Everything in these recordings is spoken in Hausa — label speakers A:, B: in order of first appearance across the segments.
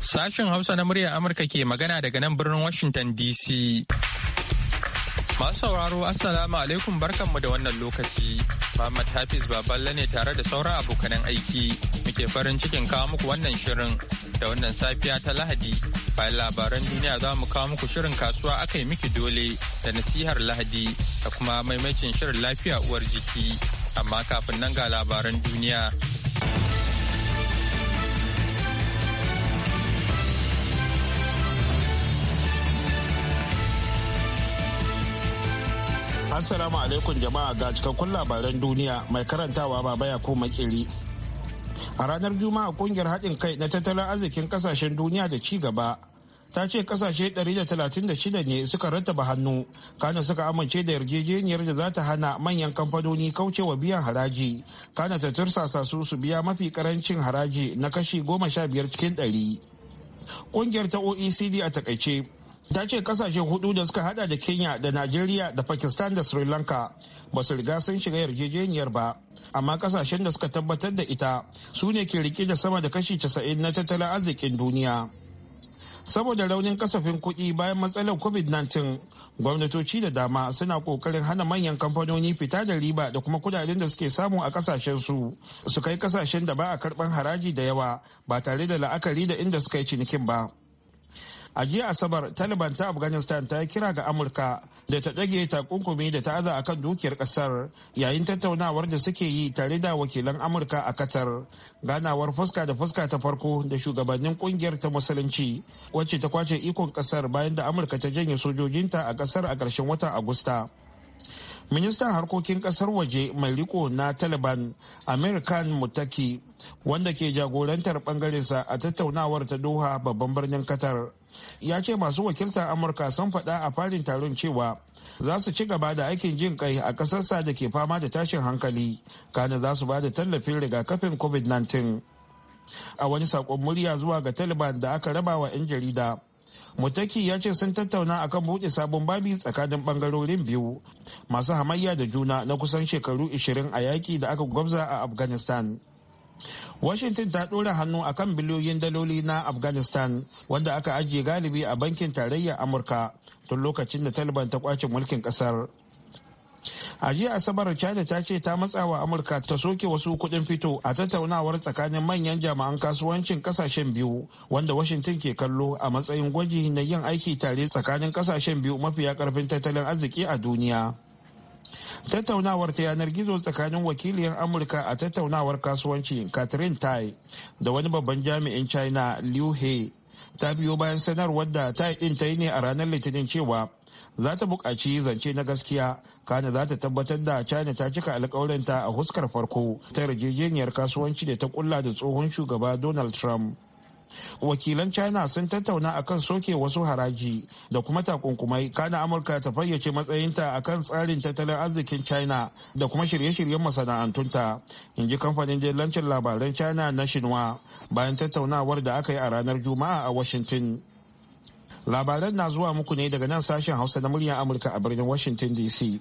A: Sashen Hausa na muryar Amurka ke magana daga nan birnin Washington DC. Masu sauraro Assalamu alaikum barkanmu da wannan lokaci. Muhammad Hafiz Baballe ne tare da sauran abokanan aiki. Muke farin cikin kawo muku wannan shirin da wannan safiya ta Lahadi. Bayan labaran duniya za mu kawo muku shirin kasuwa aka yi miki dole da nasihar Lahadi da kuma maimacin shirin lafiya uwar jiki. Amma kafin nan ga labaran duniya.
B: Assalamu alaikum jama'a ga cikakkun labaran duniya mai karantawa baba ya ko makili. a ranar juma'a kungiyar haɗin kai na tattalin arzikin ƙasashen duniya da ci gaba ta ce kasashe 136 ne suka rattaba hannu kana suka amince da yarjejeniyar da za ta hana manyan kamfanoni kauce wa biyan haraji kana ta tursasa su su biya mafi karancin haraji na kashi 15 cikin 100 ƙungiyar ta oecd a takaice ta ce kasashe hudu da suka hada da kenya da nigeria da pakistan da sri lanka ba su riga sun shiga yarjejeniyar ba amma kasashen da suka tabbatar da ita su ne ke rike da sama da kashi 90 na tattalin arzikin duniya saboda raunin kasafin kuɗi bayan matsalar covid-19 gwamnatoci da dama suna kokarin hana manyan kamfanoni fita da riba da kuma kudaden da suke samu a kasashen su su kai kasashen da ba a karɓar haraji da yawa ba tare da la'akari da inda suka yi cinikin ba a jiya asabar taliban ta afghanistan ta yi kira ga amurka da ta ɗage takunkumi da ta aza akan dukiyar ƙasar yayin tattaunawar da suke yi tare da wakilan amurka a qatar ganawar fuska da fuska ta farko da shugabannin kungiyar ta musulunci wacce ta kwace ikon ƙasar bayan da amurka ta janye sojojinta a ƙasar a ƙarshen watan agusta ministan harkokin kasar waje mai riko na taliban american mutaki wanda ke jagorantar bangarensa a tattaunawar ta doha babban birnin qatar ya ce masu wakiltar amurka sun faɗa a farin taron cewa za su ci gaba da aikin jin kai a ƙasarsa da ke fama da tashin hankali kana za su ba da tallafin rigakafin covid-19 a wani saƙon murya zuwa ga taliban da aka raba wa 'yan jarida mutaki ya ce sun tattauna akan buɗe sabon babi tsakanin bangarorin biyu masu hamayya da juna na kusan shekaru 20 a yaki da aka gwabza a afghanistan washington ta ɗora hannu a kan biliyoyin daloli na afghanistan wanda aka ajiye galibi a bankin tarayyar amurka tun lokacin da taliban ta kwace mulkin ƙasar a jiya asabar china ta ce ta matsa wa amurka ta soke wasu kuɗin fito a tattaunawar tsakanin manyan jami'an kasuwancin kasashen biyu wanda washington ke kallo a matsayin gwaji na yin aiki tare tsakanin kasashen biyu mafiya karfin tattalin arziki a duniya tattaunawar ta yanar gizo tsakanin wakiliyar amurka a tattaunawar kasuwanci catherine tai da wani babban jami'in china liu he ta biyo bayan sanarwar da tai din ta yi ne a ranar litinin cewa za ta buƙaci zance na gaskiya kana za ta tabbatar da china ta cika alkawarinta a huskar farko ta yarjejeniyar kasuwanci da ta kulla da tsohon shugaba donald trump wakilan china sun tattauna akan soke wasu haraji da kuma takunkumai kana amurka ta fayyace matsayinta kan tsarin tattalin arzikin china da kuma shirye-shiryen masana'antunta in ji kamfanin dillancin labaran china na shinwa bayan tattaunawar da aka yi a ranar juma'a a washington labaran na zuwa muku ne daga nan sashen hausa na muryar amurka a birnin washington dc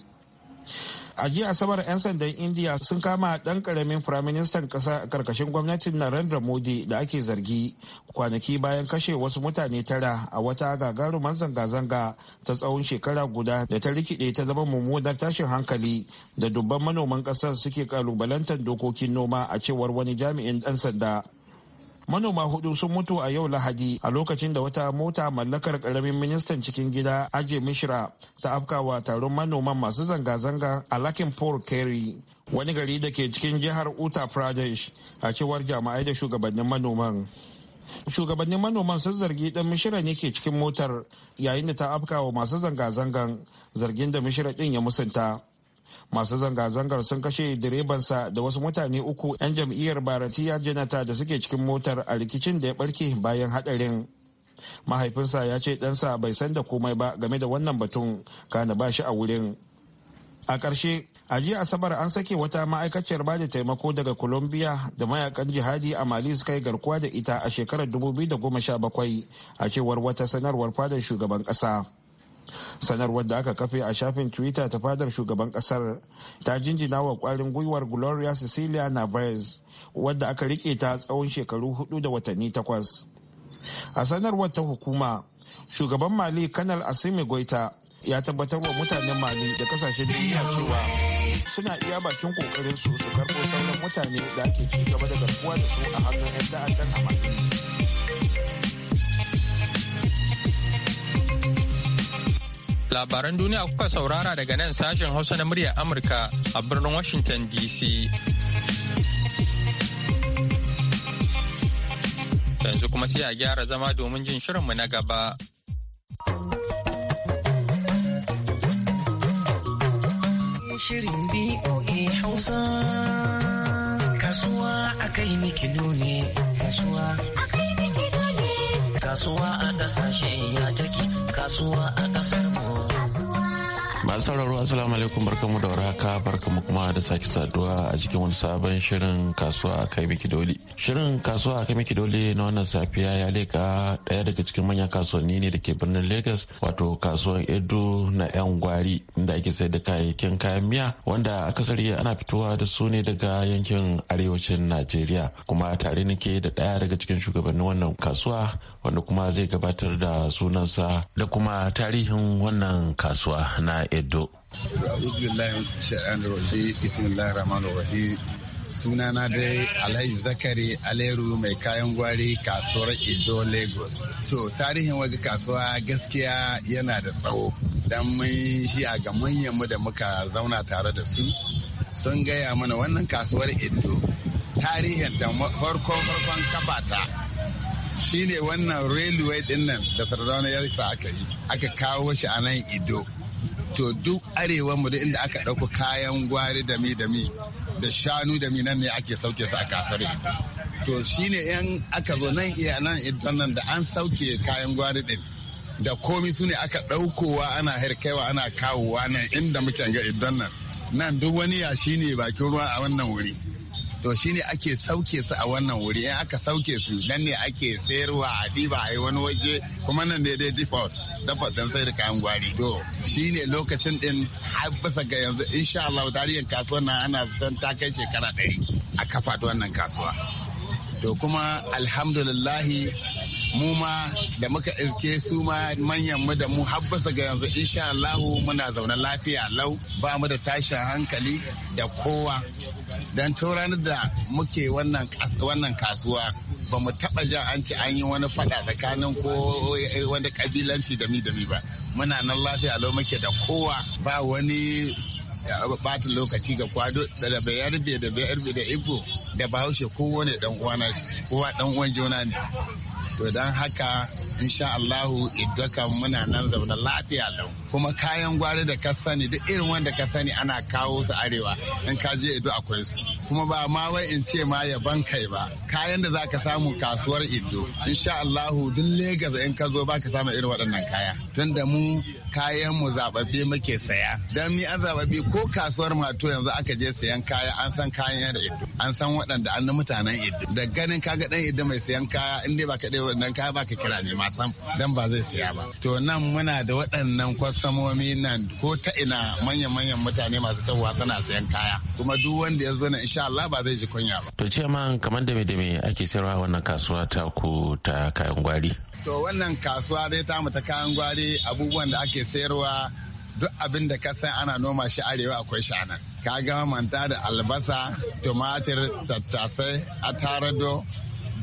B: a jiya asabar 'yan sandan indiya sun kama dan karamin firaministan kasa a karkashin gwamnatin narendra modi da ake zargi kwanaki bayan kashe wasu mutane tara a wata gagarumar zanga-zanga ta tsawon shekara guda da ta rikide ta zama mummunar tashin hankali da dubban manoman kasar suke kalubalantar dokokin noma a cewar wani jami'in dan sanda manoma hudu sun mutu a yau lahadi a lokacin da wata mota mallakar karamin ministan cikin gida aje mishra ta afkawa taron manoman masu zanga-zanga a lakin paul kerry wani gari da ke cikin jihar uttar pradesh a cewar jama'ai da shugabannin manoman shugabannin manoman sun zargi dan mishira ne ke cikin motar yayin da ta afkawa masu zanga-zangan zargin da mishira din ya musanta masu zanga-zangar sun kashe direbansa da wasu mutane uku 'yan jam'iyyar baratiya janata da suke cikin motar a rikicin da ya barke bayan hadarin mahaifinsa ya ce ɗansa bai san da komai ba game da wannan batun kana ba shi a wurin a ƙarshe a jiya asabar an sake wata ma'aikaciyar bada taimako daga colombia da mayakan jihadi a mali suka yi garkuwa da ita a shekarar 2017 a cewar wata sanarwar fadar shugaban ƙasa sanarwar da aka kafe a shafin twitter ta fadar shugaban kasar ta jinjina wa kwarin gwiwar gloria cecilia navarez wadda aka rike ta tsawon shekaru hudu da watanni takwas a sanarwar ta hukuma shugaban mali kanal asimi goita ya tabbatar wa mutanen mali da kasashen duniya cewa suna iya bakin kokarin su su karbo sauran mutane da ake ci gaba da garkuwa da su a hannun 'yan ta'addan a mali
A: Labaran duniya kuka saurara daga nan sashen Hausa na muryar Amurka a birnin Washington DC. Yanzu kuma sai a gyara zama domin jin shirinmu na gaba.
C: Shirin BOA Hausa Kasuwa a kai a ya take kasuwa a kasar mu
D: masu sauraro assalamu alaikum barkamu da warhaka barkamu kuma da sake saduwa a cikin wani sabon shirin kasuwa a kai miki dole shirin kasuwa a kai miki doli na wannan safiya ya leka daya daga cikin manyan kasuwanni ne da ke birnin lagos wato kasuwan edo na yan gwari inda ake sayar da kayayyakin kayan miya wanda akasari ana fitowa da su ne daga yankin arewacin najeriya kuma tare nake da daya daga cikin shugabannin wannan kasuwa wanda kuma zai gabatar da sunansa da kuma tarihin wannan kasuwa na edo
E: sunana dai alhaji zakari aleru mai kayan gwari kasuwar edo lagos to tarihin waga kasuwa gaskiya yana da tsawo don mun shi a ga manyanmu da muka zauna tare da su sun gaya mana wannan kasuwar edo tarihin da farkon farkon kafata shine wannan railway din nan da sardauna ya sa aka yi aka kawo shi a nan ido to duk arewa mu duk inda aka ɗauko kayan gwari da mi da mi da shanu da mi nan ne ake sauke su a kasar to shine yan aka zo nan iya nan idan nan da an sauke kayan gwari din da komi su ne aka ɗaukowa ana harkaiwa ana kawowa nan inda muke ga idan nan nan duk wani ya ne bakin ruwa a wannan wuri to shine ake sauke su a wannan wuri in aka sauke su nan ne ake sayarwa a diba a wani waje kuma nan ne dai default dafa dan sai da kayan gwari to shine lokacin din har bisa ga yanzu insha Allah tarihin kasuwar nan ana zaton ta kai shekara ɗari a kafa wannan kasuwa to kuma alhamdulillahi mu ma da muka iske su ma manyan mu da mu habbasa ga yanzu insha Allah muna zaune lafiya lau ba mu da tashin hankali da kowa dan ranar da muke wannan kasuwa ba mu taba jan an ce an yi wani fada tsakanin ko eh, wani kabilanci da mi da mi ba muna nan lafiya lau muke da kowa ba wani bata eh, lokaci ga kwado da bayarbe da bayarbe da ibo da bahaushe kowane dan uwana kowa dan uwan juna ne to don haka insha Allahu iddukan muna nan zaune lafiya lau kuma kayan gwari da ka sani duk irin wanda ka sani ana kawo su arewa in ka je ido akwai su kuma ba ma wai in ce ma ya ban kai ba kayan da zaka samu kasuwar ido insha Allahu duk Legas in ka zo baka samu irin waɗannan kaya tun da mu kayan mu zababbe muke saya dan mi an zababbe ko kasuwar mato yanzu aka je sayan kaya an san kayan da ido an san waɗanda an mutanen ido da ganin kaga dan ido mai sayan kaya in dai baka dai wannan kaya baka kira ne ma san dan ba zai saya ba to nan muna da waɗannan kwastomomi nan ko ta ina manyan-manyan mutane masu tahowa suna sayan kaya kuma duk wanda ya zo na insha Allah ba zai ji kunya ba
D: to ce man kamar da me da me ake sayarwa wannan kasuwa ta ku ta kayan gwari
E: To wannan kasuwa dai ta mu ta kayan gwari abubuwan da ake sayarwa duk abin da ka san ana noma shi arewa akwai shi anan. Ka ga manta da albasa, tumatir, tattasai, atarado,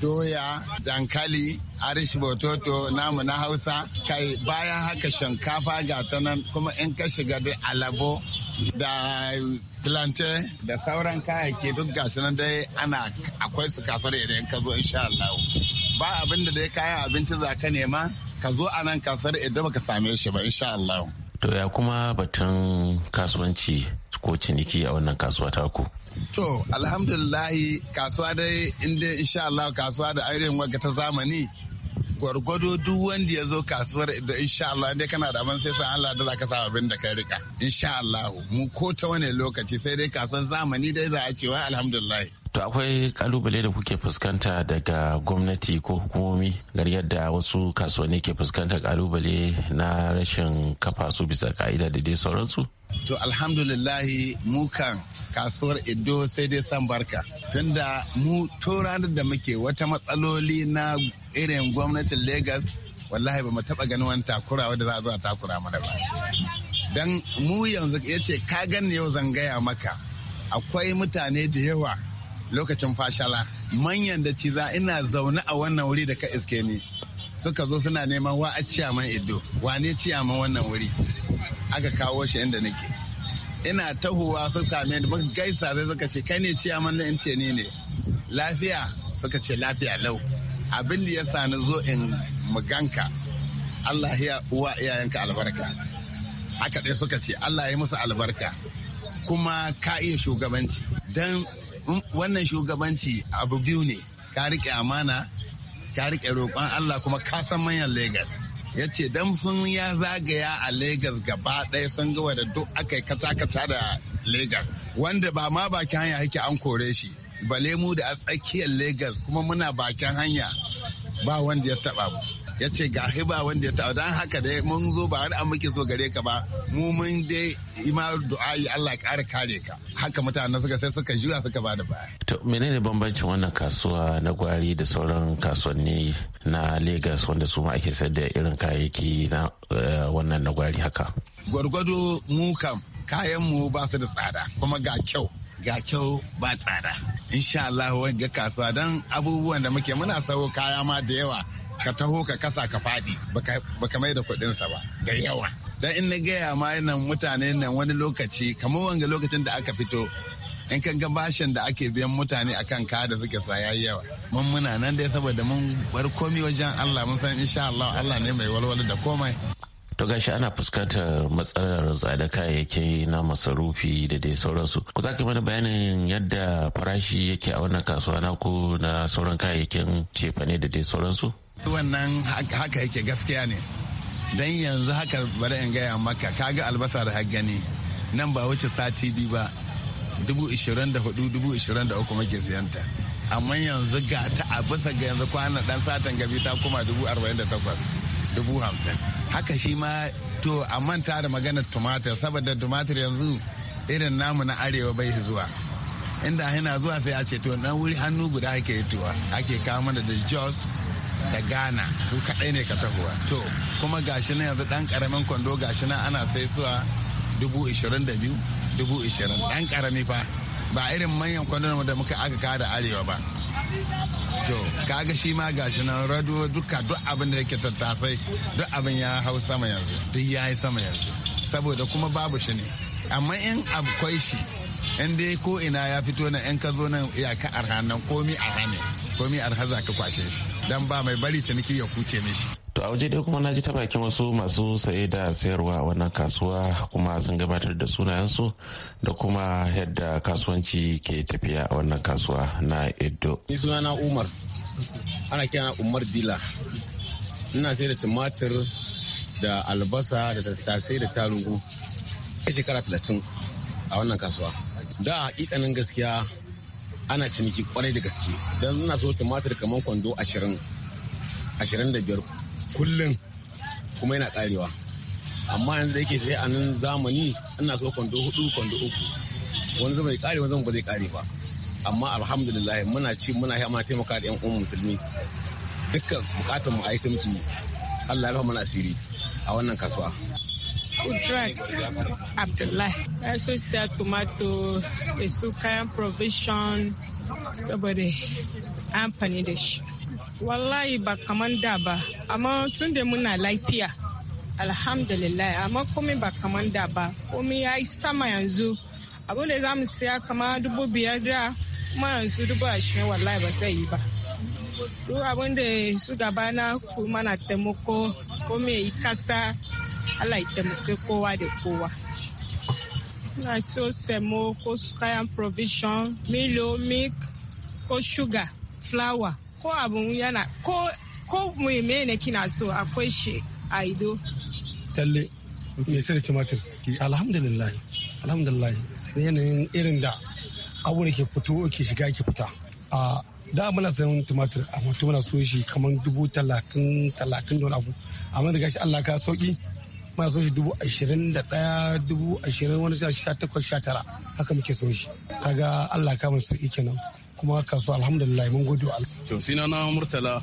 E: doya, dankali, arish bototo, namu na hausa, kai bayan haka shinkafa ga ta nan kuma in ka shiga dai alabo da filante da sauran kayayyaki duk gashi nan dai ana akwai su kasar idan ka zo insha Allah ba abin da dai kayan abinci za ka nema ka zo a nan kasar idan baka same shi ba insha Allah
D: to ya kuma batun kasuwanci ko ciniki a wannan kasuwa ta ku?
E: to alhamdulillah kasuwa dai inda insha Allah kasuwa da ainihin ta zamani gwargwado duk wanda ya zo kasuwar da insha Allah dai kana da abin sai san Allah da zaka sa abin da ka rika insha Allah mu ko ta wani lokaci sai dai kasuwar zamani dai za a cewa alhamdulillah
D: To akwai kalubale da kuke fuskanta daga gwamnati ko hukumomi gar yadda wasu kasuwanni ke fuskanta kalubale na rashin kafa su bisa ka'ida da dai sauransu?
E: To alhamdulillahi mukan kasuwar Edo sai dai san barka. Tunda mu to ranar da muke wata matsaloli na irin gwamnatin Legas wallahi ba mu taɓa ganin wani takura wadda za a zo a takura mana ba. Dan mu yanzu ya ce ka gani yau zan gaya maka akwai mutane da yawa lokacin fashala manyan da ciza ina zaune a wannan wuri da ka iske ni suka zo suna neman wa a ciyaman ido wane ciyaman wannan wuri aka kawo shi inda nake ina tahowa suka kame da gaisa sai suka ce kai ne ciyaman na in ce ni ne lafiya suka ce lafiya lau abin da ya sani zo in muganka Allah ya uwa iyayenka albarka haka ɗaya suka ce Allah ya musu albarka kuma ka iya shugabanci don wannan shugabanci abu biyu ne ka riƙe amana ka riƙe roƙon Allah kuma ka san manyan Legas. ya ce don sun ya zagaya a Legas gaba ɗaya sun ga da duk aka yi kaca-kaca da Legas. wanda ba ma baki hanya hake an kore shi bale mu da a tsakiyar Legas kuma muna bakin hanya ba wanda ya taba mu ya ce ga ba wanda ya taba don haka dai mun zo ba wani an muke so gare ka ba mu mun dai ima yi Allah ƙara kare ka haka mutane suka sai suka juya suka bada baya
D: to menene bambancin wannan kasuwa na gwari da sauran kasuwanni na Legas wanda su ma ake sayar da irin kayayyaki na eh, wannan na gwari haka
E: gwargwado mu kam kayan mu ba su da tsada kuma ga kyau ga kyau ba tsada insha Allah ga kasuwa don abubuwan da muke muna sawo kaya ma da yawa ka taho ka kasa ka faɗi baka mai da kuɗinsa ba da yawa Don in na gaya ma nan mutane nan wani lokaci kamar wanga lokacin da aka fito in kan ga bashin da ake biyan mutane akan kaya da suke saya yawa mun muna nan dai saboda mun bar komi wajen Allah mun san insha Allah Allah ne mai walwala da komai
D: to gashi ana fuskantar matsalar tsada kayayyaki na masarufi da dai sauransu ku za ka mana bayanin yadda farashi yake a wannan kasuwa na ku na sauran kayayyakin cefane da dai sauransu
E: wannan haka yake gaskiya ne dan yanzu haka bari in gaya maka kaga albasa da haggani nan ba wuce sati biyu ba dubu ishirin da hudu dubu ishirin da uku muke siyanta amma yanzu ga ta a bisa ga yanzu kwanan dan satan gabi ta kuma dubu arba'in da takwas dubu hamsin haka shi ma to a manta da maganar tumatir saboda tumatir yanzu irin namu na arewa bai zuwa inda hina zuwa sai a ce to na wuri hannu guda ake tuwa ake kawo mana da jos da ghana su kaɗai ne ka tahowa to kuma gashi na yanzu ɗan ƙaramin kwando gashi na ana sai suwa dubu ishirin da biyu dubu ishirin ɗan ƙarami fa ba irin manyan kwandon da muka aka kawo da arewa ba to kaga shi ma gashi nan radu duka duk abin da yake tattasai duk abin ya hau sama yanzu duk ya yi sama yanzu saboda kuma babu shi ne amma in akwai shi in dai ko ina ya fito nan in ka zo nan iyaka arha nan komi arha ne komi arha za ka kwashe shi don ba mai bari ciniki ya kuce mishi
D: to a waje dai kuma na ji ta bakin wasu masu saye da sayarwa a wannan kasuwa kuma sun gabatar da sunayensu da kuma yadda kasuwanci ke tafiya a wannan kasuwa na edo ni suna na umar
E: ana kira umar dila ina sai da tumatir da albasa da tattasai da tarugu a shekara talatin a wannan kasuwa da hakikanin gaskiya ana ciniki kwarai da gaske don ina so tumatir kamar kwando ashirin ashirin da biyar kullum kuma yana karewa amma yanzu da yake sai a nan zamani ina so kwando hudu kwando uku wani zama ya kare wani zama ba zai kare ba amma alhamdulillah muna ci muna ya ma taimaka da yan uwan musulmi dukkan bukatar mu a yi taimaki Allah ya na asiri a wannan kasuwa
C: Kudrat Abdullahi. Na so siya tomato da su kayan provision saboda amfani da shi. wallahi ba kaman da ba amma tun da muna lafiya alhamdulillah amma komai ba kaman da ba komai ya yi sama yanzu abu da za mu siya kama dubu biyar da kuma yanzu dubu ashirin wallahi ba sai yi ba duk abin da su gaba na kuma na taimako komai yi kasa allah ya taimake kowa da kowa na so semo ko kayan provision milo milk ko sugar flour ko abun yana ko ko ne kina so akwai shi a ido
B: talle
E: me sai da tumatir alhamdulillah alhamdulillah sai yanayin irin da abu da ke fito ke shiga ke fita a da muna sayan tumatir a mutu muna so shi kamar dubu talatin talatin don abu amma da gashi Allah ka sauki muna so shi dubu ashirin da ɗaya dubu ashirin wani sha takwas sha tara haka muke so shi kaga Allah ka mun sauki kenan kuma kasuwa alhamdulillah mun gode wa Allah to sina na
F: murtala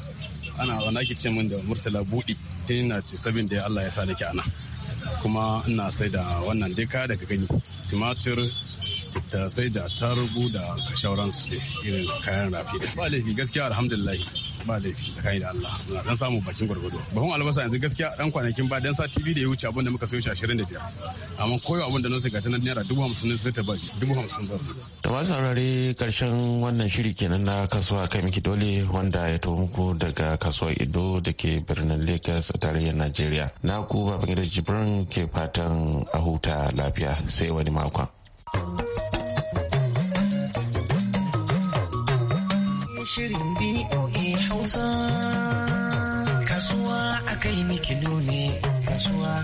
F: ana wana ke ce min da murtala buɗe? tun na ci sabin da Allah ya sa nake ana kuma ina sai da wannan duka daga gani tumatir ta sai da tarugu da shauransu da irin kayan rafi ba gaskiya alhamdulillah ba laifi da kai da Allah muna dan samu bakin gwargwado bahon albasa yanzu gaskiya dan kwanakin ba dan sa TV da ya wuce abin da muka sayo shi 25 amma koyo abin da nan sai ga tanan naira dubu hamsin sai ta ba dubu hamsin ba
D: da ba saurare karshen wannan shiri kenan na kasuwa kai miki dole wanda ya to muku daga kasuwar Ido da ke birnin Lagos a tarayyar Najeriya na ku baban gidan Jibrin ke fatan a huta lafiya sai wani makon.
C: shirin Kasuwa a kai ne, kasuwa.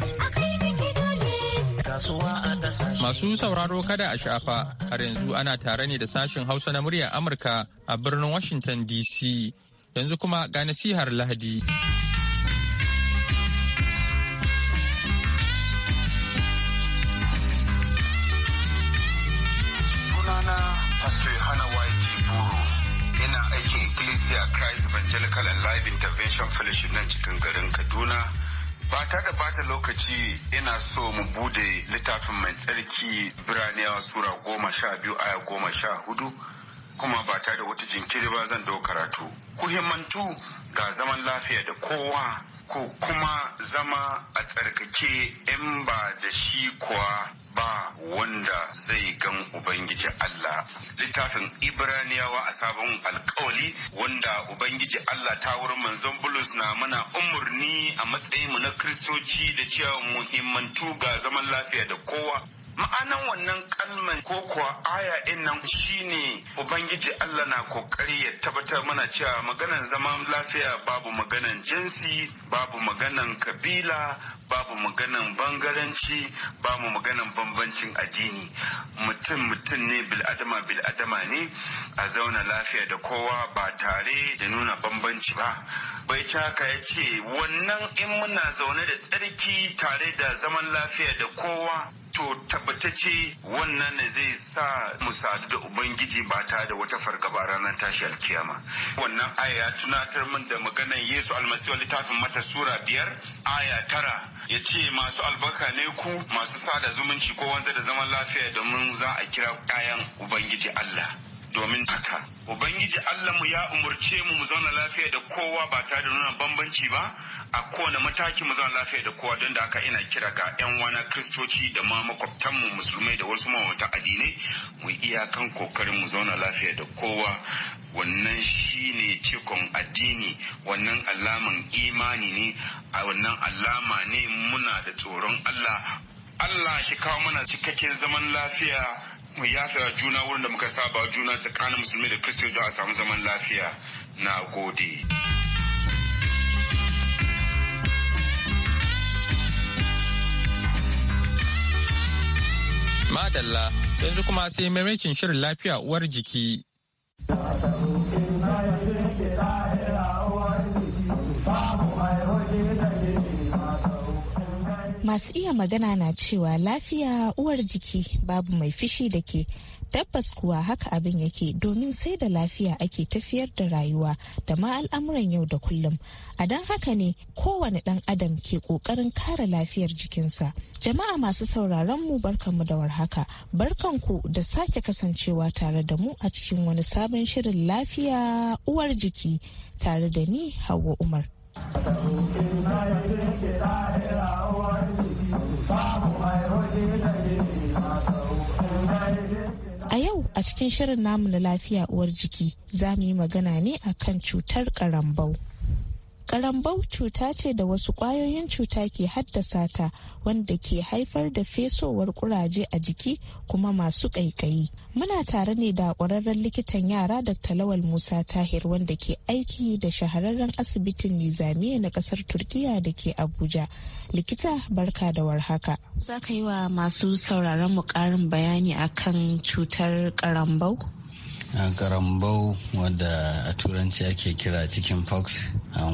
A: Masu sauraro kada a shafa, har yanzu ana tare ne da sashen Hausa na murya Amurka a birnin Washington DC. Yanzu kuma ga nasihar Lahadi.
F: Sunana Pastor Ecclesia Christ Evangelical and Life Intervention Fellowship nan cikin garin Kaduna. Ba ta da bata lokaci ina so mu bude littafin mai tsarki Biraniyawa Sura goma sha biyu aya goma sha hudu kuma ba ta da wata jinkiri ba zan dau karatu. Kuhimmantu ga zaman lafiya da kowa ko kuma zama a tsarkake in ba da shi kuwa ba wanda zai gan Ubangiji Allah. Littafin Ibraniyawa a sabon alkawali wanda Ubangiji Allah ta wurin manzon Bulus na mana umurni a matsayinmu na Kiristoci da cewa muhimmantu ga zaman lafiya da kowa ma'anan wannan kalman ko kuwa aya din nan shine ubangiji Allah na kokari ya tabbatar mana cewa maganan zaman lafiya babu maganan jinsi babu maganan kabila babu maganan bangaranci babu maganan bambancin addini mutum mutum ne bil'adama bil'adama ne a zauna lafiya da kowa ba tare da nuna bambanci ba bai caka ya ce wannan in muna zaune da tsarki tare da zaman lafiya da kowa to tabbatacce wannan ne zai sa mu da ubangiji ba ta da wata fargaba ranar tashi alkiyama wannan aya ya tunatar min da maganar yesu almasiwa littafin mata sura biyar aya tara ya ce masu albarka ne ku masu sada zumunci ko wanda da zaman lafiya domin za a kira kayan ubangiji allah domin haka ubangiji mu ya umarce mu mu zauna lafiya da kowa ba tare da nuna bambanci ba a kowane mataki mu zauna lafiya da kowa don da haka ina kira ga yan wana kristoci da ma mu musulmai da wasu mawata addinai mu kan kokarin mu zauna lafiya da kowa wannan shine cikon addini wannan alaman imani ne a wannan alama ne muna da tsoron Allah Allah shi kawo mana cikakken zaman lafiya mu yafe juna wurin da muka saba juna tsakanin musulmi da kristiyo a samu zaman lafiya na gode.
A: Madalla yanzu kuma sai maimakin shirin lafiya uwar jiki.
C: masu iya magana na cewa lafiya uwar jiki babu mai fishi da ke tabbas kuwa haka abin yake domin sai da lafiya ake tafiyar da rayuwa da ma al'amuran yau da kullum a don haka ne kowane ɗan adam ke ƙoƙarin kare lafiyar jikinsa jama'a masu sauraron mu barkanmu da warhaka barkanku da sake kasancewa tare da mu a cikin wani sabon shirin lafiya uwar jiki tare da ni hawa umar A yau a cikin shirin namu na lafiya uwar jiki za mu yi magana ne akan cutar karambau. Karambau cuta ce da wasu kwayoyin cuta ke haddasa ta wanda ke haifar da fesowar kuraje a jiki kuma masu ƙaiƙayi. Muna tare ne da ƙwararren likitan yara Dr. Lawal Musa Tahir wanda ke aiki da shahararren asibitin Nizamiya na ƙasar Turkiya da ke Abuja. Likita barka da warhaka. Za ka yi wa masu sauraron mu ƙarin bayani akan cutar karambau?
G: Ah, karambau wadda a turanci ake kira cikin fox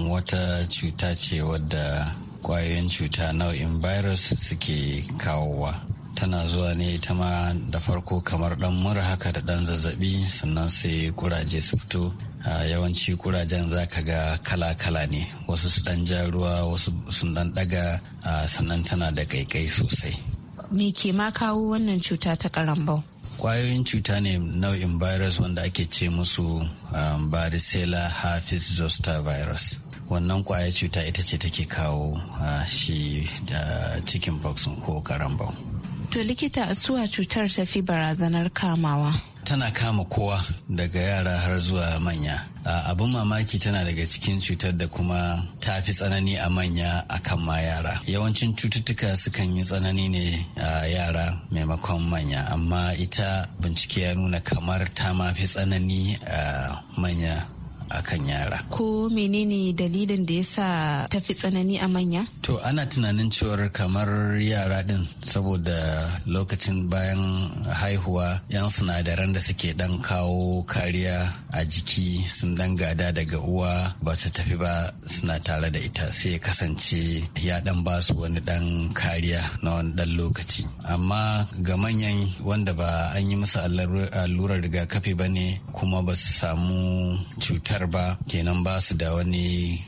G: wata cuta ce wadda kwayoyin cuta nau'in virus suke kawowa tana zuwa ne ta ma da farko kamar dan mura haka da dan zazzabi sannan sai kuraje su fito yawanci kurajen za ka ga kala-kala ne wasu su dan ja ruwa wasu sun dan daga sannan tana da kaikai sosai
C: me ke ma kawo wannan cuta ta karambau
G: kwayoyin cuta ne nau'in virus wanda ake ce musu um, varicella hafiz zoster virus wannan kwaya cuta ita ce take kawo uh, shi da uh, chicken pox ko karambau
C: to likita suwa cutar tafi barazanar kamawa
G: tana kama kowa daga yara har zuwa manya abin mamaki tana daga cikin cutar da kuma ta fi tsanani a manya a kan ma yara yawancin cututtuka sukan yi tsanani ne a yara maimakon manya amma ita bincike ya nuna kamar ta ma fi tsanani a manya a kan yara.
C: Ko menene dalilin da ya yasa tafi tsanani a manya?
G: To ana tunanin cewar kamar yara din saboda lokacin bayan haihuwa yan sinadaran da suke dan kawo kariya a jiki sun dan gada daga uwa ba ta tafi ba suna tare da ita sai ya kasance ya dan ba su wani dan kariya na wani dan lokaci. Amma ga manyan wanda ba an yi musu allurar rigakafi ba ne kuma ba su samu cuta cutar ba kenan ba su da wani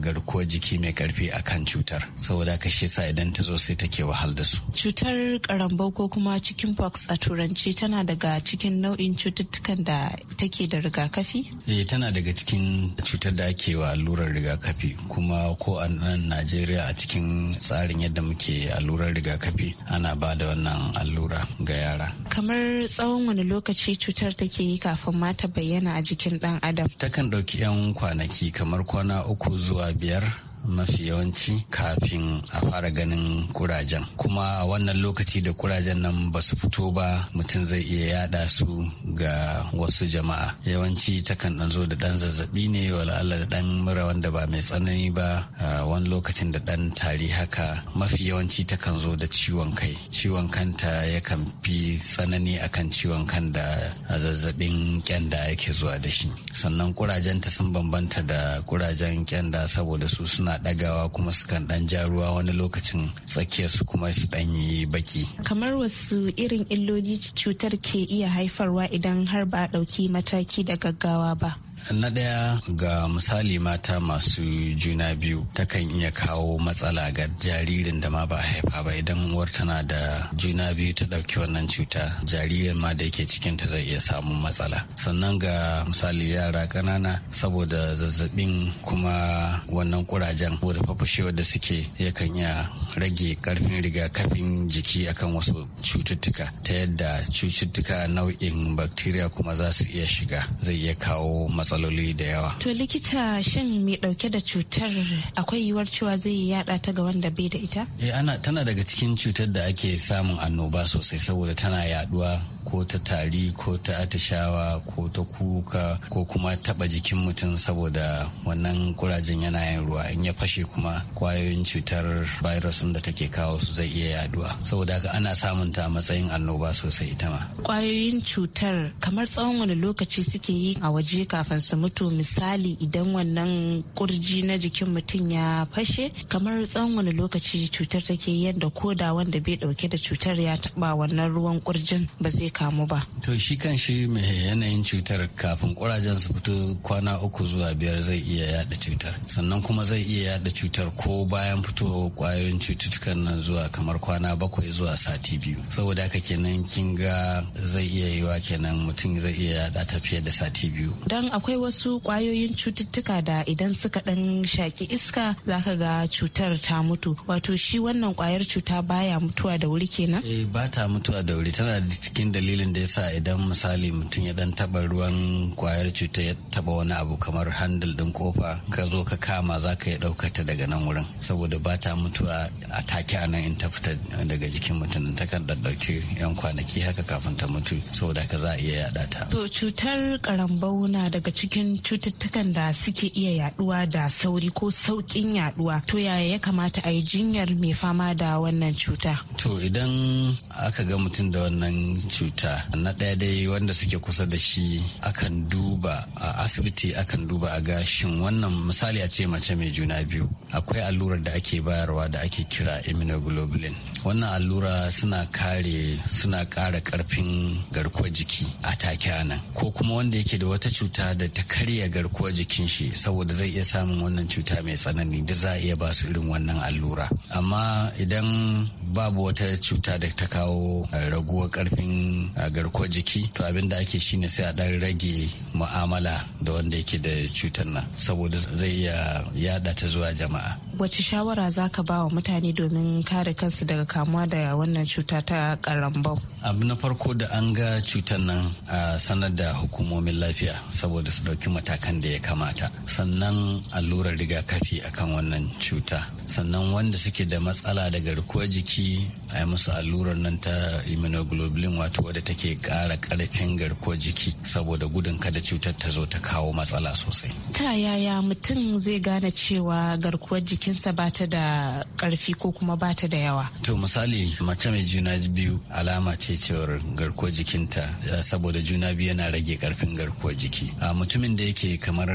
G: garkuwar jiki mai karfi a kan cutar saboda haka shi sa idan ta zo sai take wahal da su
C: cutar karambau ko kuma chicken pox a turanci tana daga cikin nau'in cututtukan da take da rigakafi
G: eh tana daga cikin cutar da ake wa allurar rigakafi kuma ko a nan Najeriya a cikin tsarin yadda muke allurar rigakafi ana ba da wannan allura ga yara
C: kamar tsawon wani lokaci cutar take yi kafin ma ta bayyana a jikin dan adam
G: takan ɗauki 'yan kwanaki kamar kwana uku zuwa biyar mafi yawanci kafin a fara ganin kurajen kuma wannan lokaci da kurajen nan ba su fito ba mutum zai iya yada su ga wasu jama'a yawanci takan dan zo da dan zazzabi ne Allah da dan mura wanda ba mai tsanani ba wani lokacin da dan tari haka mafi yawanci takan zo da ciwon kai ciwon kanta yakan fi tsanani akan ciwon kan da zazzabin kyanda yake zuwa da shi sannan kurajenta sun bambanta da kurajen kyanda saboda su suna suna dagawa kuma sukan ɗan ja ruwa wani lokacin tsakiyarsu kuma su ɗan yi baki.
C: Kamar wasu irin illoli cutar ke iya haifarwa idan har ba a ɗauki mataki da gaggawa ba.
G: na ɗaya ga misali mata masu juna biyu takan iya kawo matsala ga jaririn da ma ba a haifa ba idan uwar tana da juna biyu ta ɗauki wannan cuta jaririn ma da yake cikin ta zai iya samun matsala sannan ga misali yara ƙanana saboda zazzabin kuma wannan kurajen ko da fafashewar da suke yakan iya rage ƙarfin rigakafin jiki akan wasu cututtuka ta yadda cututtuka nau'in bakteriya kuma za su iya shiga zai iya kawo matsala matsaloli da yawa.
C: To likita shin mai dauke da cutar akwai yiwuwar cewa zai yi yada ta ga wanda bai da ita?
G: Eh ana tana daga cikin cutar da ake samun annoba sosai saboda tana yaduwa ko ta tari ko ta atishawa ko ta kuka ko kuma taba jikin mutum saboda wannan kurajen yana yin ruwa in ya fashe kuma kwayoyin cutar virus da take kawo su zai iya yaduwa saboda haka ana samun ta matsayin annoba sosai ita ma.
C: Kwayoyin cutar kamar tsawon wani lokaci suke yi a waje kafin kan mutu misali idan wannan kurji na jikin mutum ya fashe kamar tsawon wani lokaci cutar take yadda da wanda bai dauke da cutar ya taba wannan ruwan kurjin ba zai kamu ba
G: to shi kan shi mai yanayin cutar kafin kurajen su fito kwana uku zuwa biyar zai iya yada cutar sannan kuma zai iya yada cutar ko bayan fito kwayoyin cututtukan nan zuwa kamar kwana bakwai zuwa sati biyu saboda haka kenan kinga zai iya yiwa kenan mutum zai iya yada ta fiye da sati biyu
C: dan akwai wasu kwayoyin cututtuka da idan suka dan shaki iska zaka ga cutar ta mutu wato shi wannan kwayar cuta baya mutuwa da wuri kenan
G: eh ba ta mutuwa da wuri tana da cikin dalilin da yasa idan misali mutum ya dan taba ruwan kwayar cuta ya taba wani abu kamar handle din kofa ka zo ka kama zaka ya dauka ta daga nan wurin saboda ba ta mutuwa a take a nan in ta fita daga jikin mutum ta kan daddauke yan kwanaki haka kafin ta mutu saboda ka za a iya yada
C: ta to cutar karambau na daga cikin cututtukan da suke iya yaduwa da sauri ko saukin yaduwa to yaya ya kamata a yi jinyar mai fama da wannan cuta
G: to idan aka ga mutum da wannan cuta na ɗaya dai wanda suke kusa da shi akan duba a asibiti akan duba a gashin wannan misali a ce mace mai juna biyu akwai allurar da ake bayarwa da ake kira immunoglobulin wannan allura suna kare suna ƙara ƙarfin garkuwar jiki a take nan ko kuma wanda yake da wata cuta da ta karya garkuwar jikin shi saboda zai iya samun wannan cuta mai tsanani da za a iya ba su irin wannan allura amma idan babu wata cuta da ta kawo eh, raguwar karfin eh, garkuwar jiki to abin da ake shine sai a dan rage mu'amala da wanda yake da cutar nan saboda zai iya yada ta zuwa jama'a
C: wace shawara za ka ba wa mutane domin kare kansu daga kamuwa da wannan cuta ta karambau
G: abu na farko da an ga cutar nan a sanar da hukumomin lafiya saboda su ɗauki matakan da ya kamata sannan allurar rigakafi akan wannan cuta sannan wanda suke da matsala da garkuwar jiki a yi musu allurar nan ta immunoglobulin wato wadda take ƙara ƙarfin garkuwar jiki saboda gudun kada cutar ta zo ta kawo matsala sosai
C: ta yaya mutum zai gane cewa garkuwar jikinsa ba ta da ƙarfi ko kuma ba ta da yawa
G: to misali mace mai juna biyu alama ce cewar garkuwar jikinta saboda juna biyu yana rage ƙarfin garkuwar jiki a mutumin da yake kamar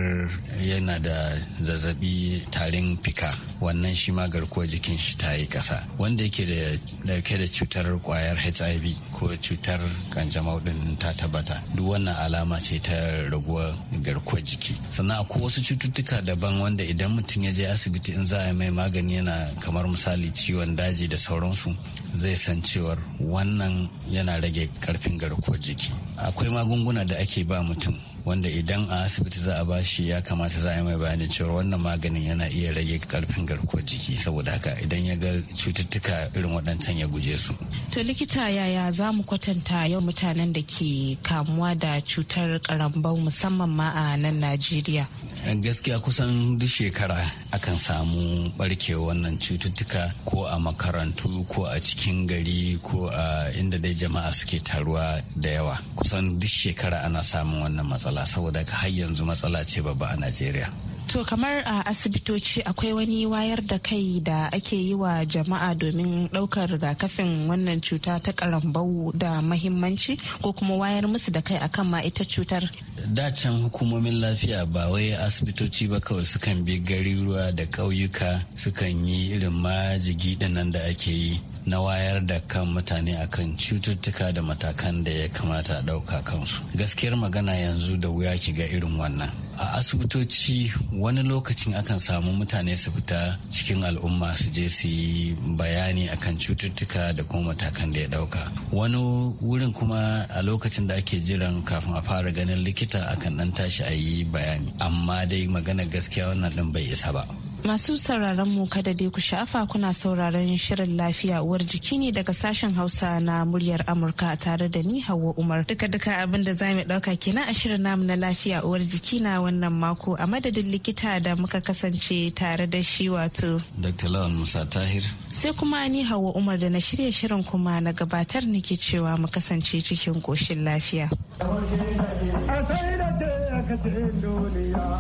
G: yana da zazzabi tarin fika wannan shi ma garkuwar jikin shi ta yi ƙasa wanda yake da dauke da cutar kwayar hiv ko cutar kanjamau din ta tabbata duk wannan alama ce ta raguwar garkuwar jiki sannan akwai wasu cututtuka daban wanda idan mutum ya je asibiti in za a mai magani yana kamar misali ciwon daji da sauransu zai san cewar wannan yana rage karfin garkuwar jiki akwai magunguna da ake ba mutum wanda idan a asibiti za a shi ya kamata za a yi mai bayanin cewa wannan maganin yana iya rage karfin garkuwar jiki saboda haka idan ya ga cututtuka irin waɗancan ya guje su.
C: To likita yaya za mu kwatanta yau mutanen da ke kamuwa da cutar karambau musamman ma a nan Najeriya?
G: gaskiya kusan duk shekara akan samu barkewa wannan cututtuka ko a makarantu ko a cikin gari ko a inda dai jama'a suke taruwa da yawa kusan duk shekara ana samun wannan matsala saboda har yanzu matsala ce babba a najeriya
C: To kamar a asibitoci akwai wani wayar da kai da ake yi wa jama'a domin ɗaukar rigakafin wannan cuta ta karambau da mahimmanci ko kuma wayar musu da kai akan ma ita cutar.
G: Dacen hukumomin lafiya ba wai asibitoci ba kawai sukan bi garuruwa da ƙauyuka sukan yi irin majigi nan da ake yi. na wayar da kan mutane akan cututtuka da matakan da ya kamata a ɗauka kansu gaskiyar magana yanzu da wuya ki ga irin wannan a asibitoci wani lokacin akan samu mutane su fita cikin al'umma su je su yi bayani akan cututtuka da kuma matakan da ya ɗauka. wani wurin kuma a lokacin da ake jiran kafin a fara ganin likita akan dan tashi a yi bayani amma dai magana gaskiya wannan din bai isa ba
C: Masu sauraron mu kada dai ku shafa kuna sauraron shirin lafiya uwar jiki ne daga sashen Hausa na muryar Amurka tare da ni Hauwa Umar. Duka duka abinda da za mu dauka kenan a shirin namu na lafiya uwar jiki na wannan mako a madadin likita da muka kasance tare da shi wato.
G: Dr. Lawan Musa Tahir.
C: Sai kuma ni Hauwa Umar da na shirya shirin kuma na gabatar nake cewa mu kasance cikin koshin lafiya.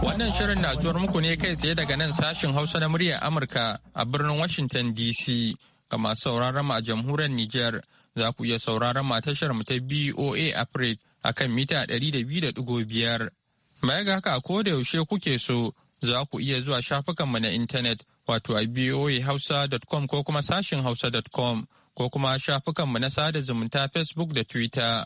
A: Wannan shirin na zuwar muku ne kai tsaye daga nan sashin Hausa na muryar Amurka a birnin Washington DC. Ga masu sauraron mu a jamhuriyar niger za ku iya sauraron a tashar mu ta BOA Africa a kan mita 200.5. Baya ga haka ko da yaushe kuke so za ku iya zuwa shafukanmu na intanet wato a boahausa.com ko kuma sashin hausa.com ko kuma shafukanmu na sada zumunta Facebook da Twitter.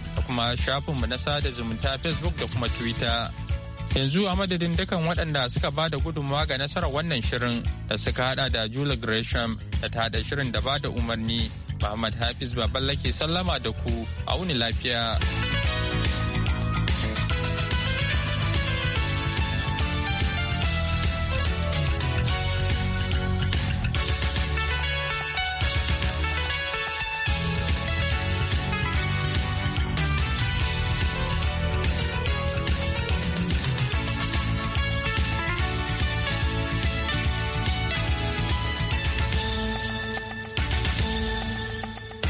A: da kuma shafinmu na sada zumunta facebook da kuma twitter yanzu a madadin dukan waɗanda suka ba da gudunmawa ga nasarar wannan shirin da suka hada da julia gresham da ta hada shirin da ba da umarni muhammad hafiz baballa ke sallama da ku a wuni lafiya